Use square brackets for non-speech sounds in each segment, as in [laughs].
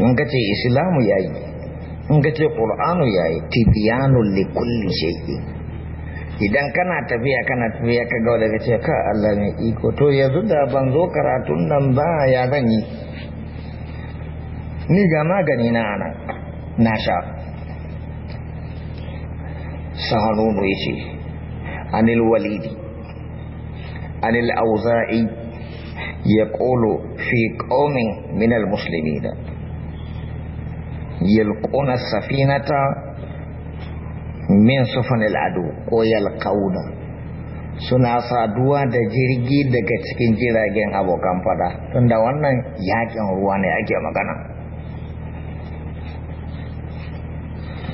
in ka ce islamu ya yi in ka ce ya yi tibiyanu li kulli idan kana tafiya kana tafiya ka ga daga ce ka Allah mai iko to yanzu da ban zo karatun nan ba ya zan yi ni ga magani na ana na sha saharunu ya ce anil walidi anil auza'i ya ƙolo fi minal musulmi da yalquna safinata min sufanil adu ko yalkauna suna saduwa da jirgi daga cikin jiragen abokan fada tunda wannan yakin ruwa ne ake magana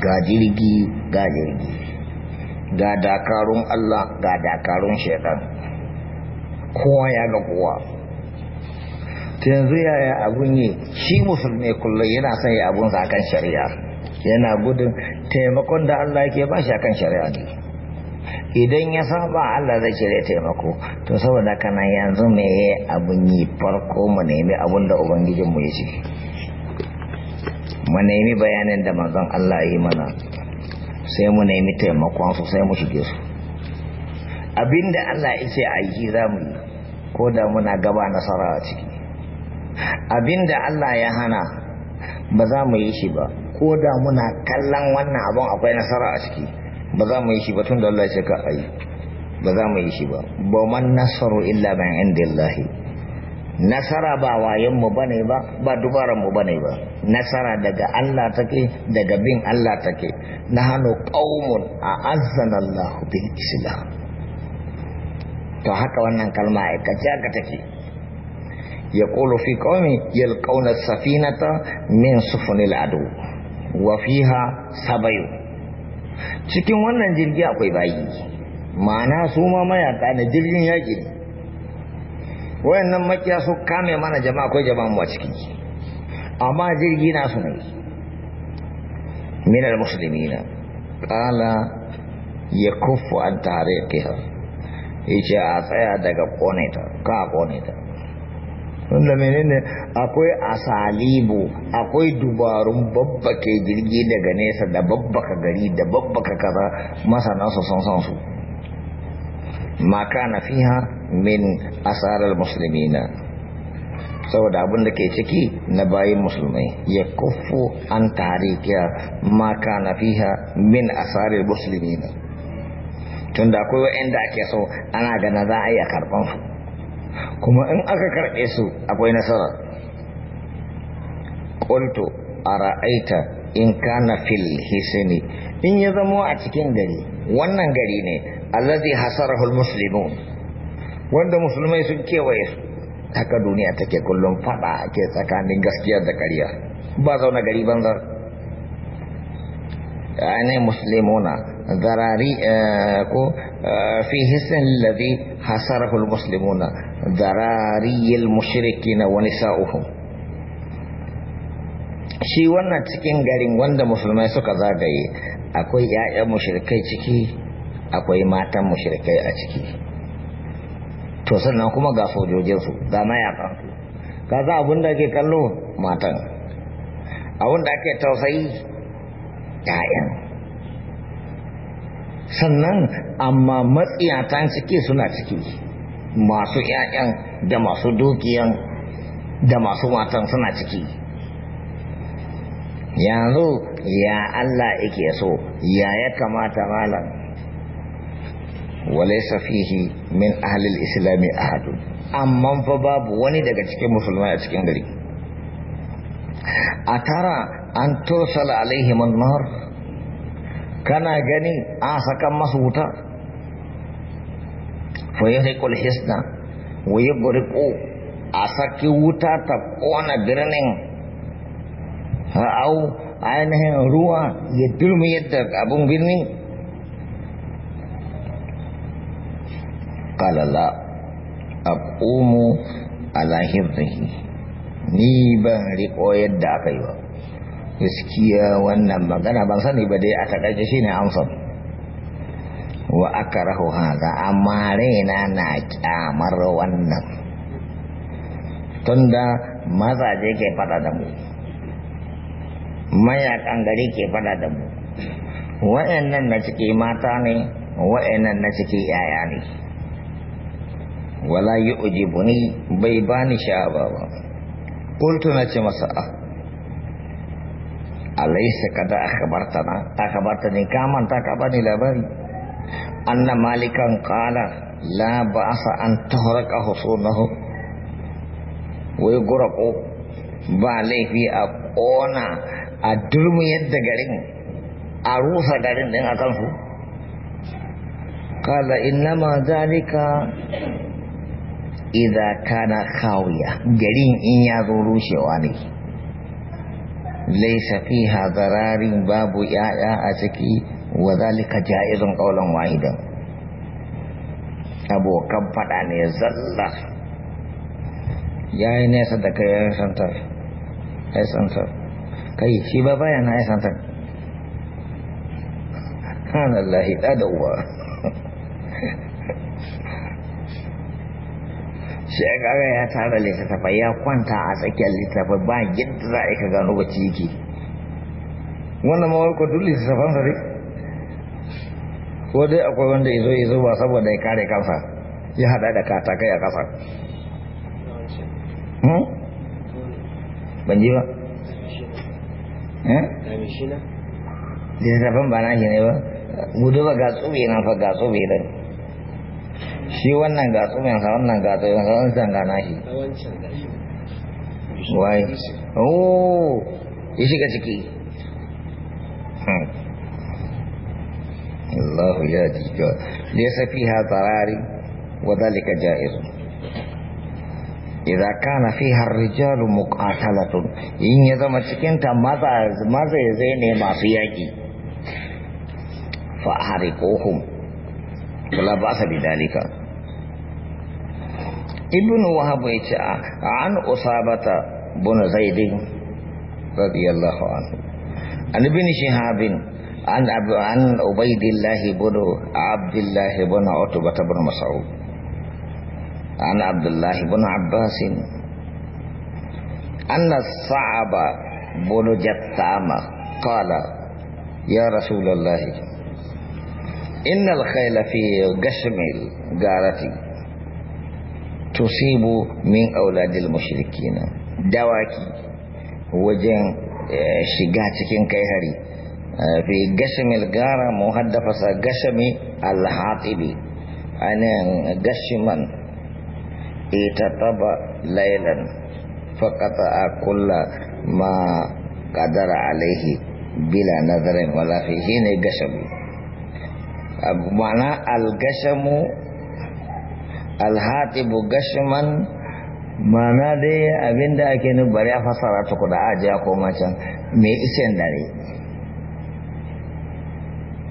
ga jirgi ga jirgi ga dakarun Allah ga dakarun shaitan kowa ya ga kowa ta yanzu yaya abun yi shi musulmi kullum yana son yi abun sa kan shari'a yana gudun taimakon da Allah yake ba shi akan shari'a ne idan ya saba Allah zai cire taimako to saboda kana yanzu me abun yi farko mu nemi abun da ubangijin mu yace mu nemi bayanin da manzon Allah yi mana sai mu nemi taimakon su sai mu shige su abinda Allah yake a yi za mu yi ko da muna gaba nasara a ciki abinda Allah ya hana ba za mu yi shi ba ko da muna kallon wannan abin akwai nasara a ciki ba za mu yi shi ba tun da Allah ya ce ka ayi ba za mu yi shi ba ba man nasaru illa min indillahi nasara ba wayan mu bane ba ba dubaran mu bane ba nasara daga Allah take daga bin Allah take hano qaumun azzana Allah bil islam to haka wannan kalma kaciya ka take يقول في قومي يلقون السفينة من سفن العدو وفيها سبيو cikin wannan jirgi akwai bayi ma'ana su ma mayaka ne jirgin yaƙi ne wayannan makiya su kame mana jama'a akwai jama'a mu a ciki amma jirgi na su ne minar musulmi na ƙala ya kufu an tare ya ce a tsaya daga ƙone ta ka ƙone ta wanda menene akwai asalibu akwai dubarun babba ke jirgi daga nesa da babba ka gari da babba ka kaza masana su san san su maka na fiha min asarar musulmina saboda abin da ke ciki na bayan musulmai ya kuffo an tarikiya maka na fiha min asarar musulmina tunda akwai waɗanda ake so ana gana za a iya karɓansu kuma in aka karɓe su akwai nasara ƙultu a ra'aita in ka na fil hisini in ya zama a cikin gari wannan gari ne allazi hasarahul muslimun wanda musulmai sun kewaye su haka duniya take kullum fada ke tsakanin gaskiyar da ƙarya ba zauna gari banza ne muslimuna zarari eh, ko eh, fi hisin lazi حصره المسلمون ذراري المشركين ونساؤهم shi wannan cikin garin wanda musulmai suka zagaye akwai 'ya'yan mushrikai ciki akwai matan mushrikai a ciki to sannan kuma ga sojojinsu ga mayakan ka za abin da ke kallo matan abin da ake tausayi 'ya'yan sannan amma matsiyatan ciki suna ciki masu 'ya'yan da masu dukiyan da masu matan suna ciki yanzu ya Allah ike so ya ya kamata malam Wale safihi min ahlil islami ahadu amma fa babu wani daga cikin musulmai a cikin gari a tara an tosala alaihim annar kana ganin a sakan masu wuta fa ya riƙul hisna wa ya a saki wuta ta ƙona birnin ra'au ainihin ruwa ya durmi yadda abun birni ƙalala a ƙomo a zahir ni ban riƙo yadda aka yi ba gaskiya wannan magana ban sani ba dai a takaice shine amsar wa akrahu hadha amma raina na kyamar wannan tunda mazaje ke fada da mu mayakan gari ke fada da mu wa'annan na ciki mata ne wa'annan na ciki yaya ne wala yu'jibuni bai bani sha'aba ba qultu na ce masa ah, alaisa kada akhbartana akhbartani ka manta ka bani labari anna malikan qala la ba'sa an tuhraqa husunahu wa yughraqu ba laifi a kona a durmu yadda garin a rusa garin din akan su qala ma zalika idza kana khawiya garin in ya zo rushewa ne laisa fiha zararin babu ya'ya a ciki wa zalika jaizun qawlan wahidan abokan fada ne zalla yayi nesa da kai yayin santar kai santar kai shi ba bayana na yayin santar subhanallahi da da uwa [laughs] sai kaga ya tara littattafai ya kwanta a tsakiyar littattafai ba yadda za a ka gano ci yake wannan mawarko duk littattafan sa ko dai akwai wanda ya zo ya zo ba saboda ya kare kansa ya hada da katakai a kasa hmm? ban ji ba hmm? littattafan ba na shi ne ba gudu ba ga tsobe na fa ga tsobe da shi wannan ga tsuminsa wannan ga wani wancan ga nashi wai oh ya shiga ciki hmm. Allahu ya jika safi fiha darari wa dhalika jaiz idza kana fiha ar-rijal muqatalatun in ya zama cikin ta maza maza zai ne masu yaki fa kula ba ba'sa bidalika ibn wahab ya ce an usabata bin zaidin radiyallahu anhu an ibn shihabin an an ubaidillah bin abdullah bin utbah bin mas'ud an abdullah bin abbas أن الصعب بن جتام قال يا رسول الله إن الخيل في قشم الجارة tusibu min auladil mushrikina dawaki wajen eh, shiga cikin kai hari eh, fi gashamil gara muhaddafasa gashami alhatibi anan gashiman ita taba lailan faƙata a kulla ma ƙadara alaihi bila nazarin wala fi shi ne gashami ma'ana algashamu alhatibu gashman mana dai abinda ake nu bari a fasara da ajiya ko can mai isen dare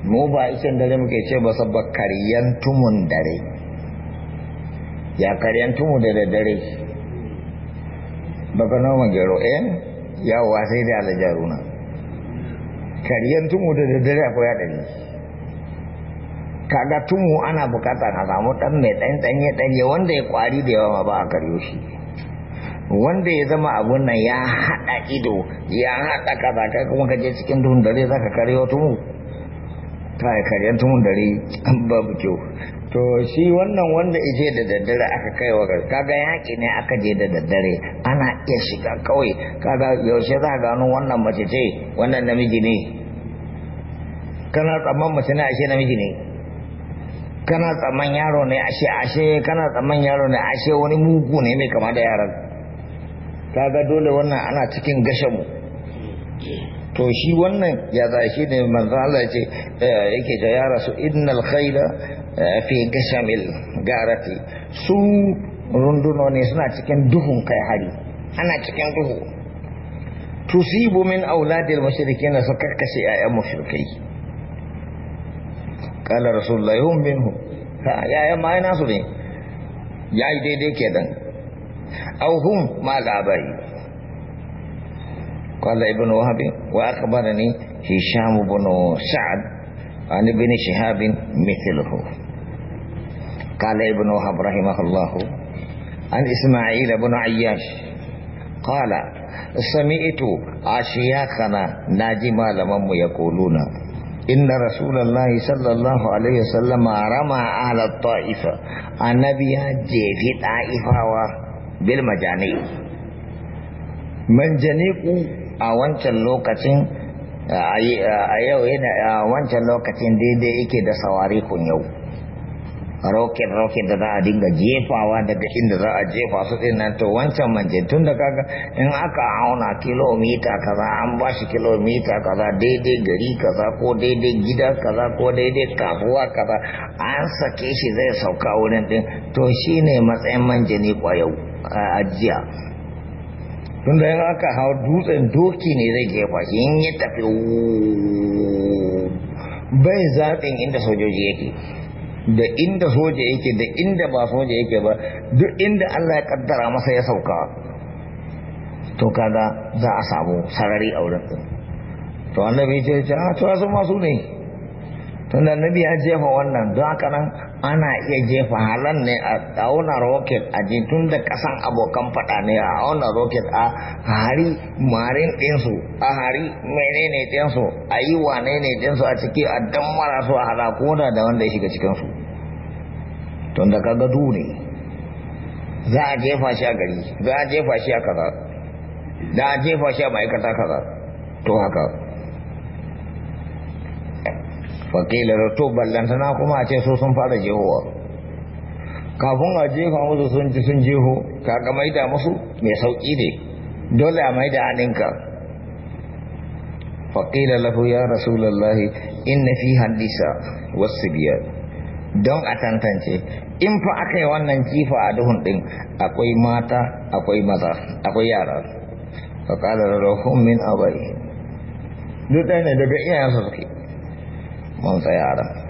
mu ba isen dare muke ce ba sabba karyan tumun dare ya karyan tumu da dare baka nawa gero eh yawa sai da alajaruna karyan tumu da dare akwai haɗari kaga tumu ana bukata a samu dan mai dan dan ya wanda ya kwari da yawa ba a karyo shi wanda ya zama abun nan ya hada ido ya hada kaza kai kuma kaje cikin duhun dare zaka karyo tumu ya karyan tumun dare an [laughs] babu kyau to shi wannan wanda ije da daddare aka kai wa kaga yaki ne aka je da daddare ana iya shiga kawai kaga yaushe za gano wannan mace ce wannan namiji ne kana tsamman mace ne ashe namiji ne kana tsaman yaro ne ashe ashe kana tsaman yaro ne ashe wani mugu ne mai kama da yaran ga dole wannan ana cikin gashamu to shi wannan ya za shi ne manzo Allah ya ce eh, yake da ya rasu innal khayla eh, fi gashamil garati su runduno ne suna cikin duhun kai hari ana cikin duhu tusibu min auladil mushrikin su karkashe 'ya'yan mushrikai قال رسول الله هم منه يا يا ما يناسو دين يا دي دي كده أو هم ما لعبائي قال ابن وهب وأخبرني هشام بن سعد عن ابن شهاب مثله قال ابن وهب رحمه الله عن إسماعيل بن عياش قال سمعت أشياخنا ناجما لمم يقولون يقولون Inna Rasulullah sallallahu alaihi wasallam rama ala taifa anabiya jefi taifawa bil majani manjani a wancan lokacin a yau yana wancan lokacin daidai yake da sawari kun yau roket rocket da za a dinga jefawa daga inda za a jefa su din nan to wancan manje tun da kaga in aka auna kilomita kaza an ba shi kilomita kaza daidai gari kaza ko daidai gida kaza ko daidai kafuwa kaza an sake shi zai sauka wurin din to shine matsayin manje ne kwayau a ajiya tun da aka hau dutsen doki ne zai jefa shi in ya tafi bai zaɓin inda sojoji yake da inda soja yake da inda ba soja yake ba duk inda Allah ya kaddara masa ya sauka to kaga za a samu sarari a wurin to annabi ya ce a ah, to su masu ne tunda nabi ya jefa wannan don haka nan ana iya jefa halan ne a auna rocket a jin tun da kasan abokan fada ne a auna rocket a hari marin ɗinsu a hari menene ɗinsu a yi wane ne ɗinsu a ciki a don mara su a halako da wanda ya shiga cikinsu tun da kaga duhu ne za a jefa shi a gari za a jefa shi a kaza za a jefa shi a ma'aikata kaza to haka wakilar to ballantana kuma a ce su sun fara jehowa kafin a jefa musu sun ci sun jeho kaga maida musu mai sauƙi ne dole a maida aninka wakilar lahu ya in na fi hadisa wasu biyar don a tantance in fa aka yi wannan jifa a duhun ɗin akwai mata akwai maza akwai yara faƙalar rahun min abai duk daga iyayensu suke mun tsaya a ran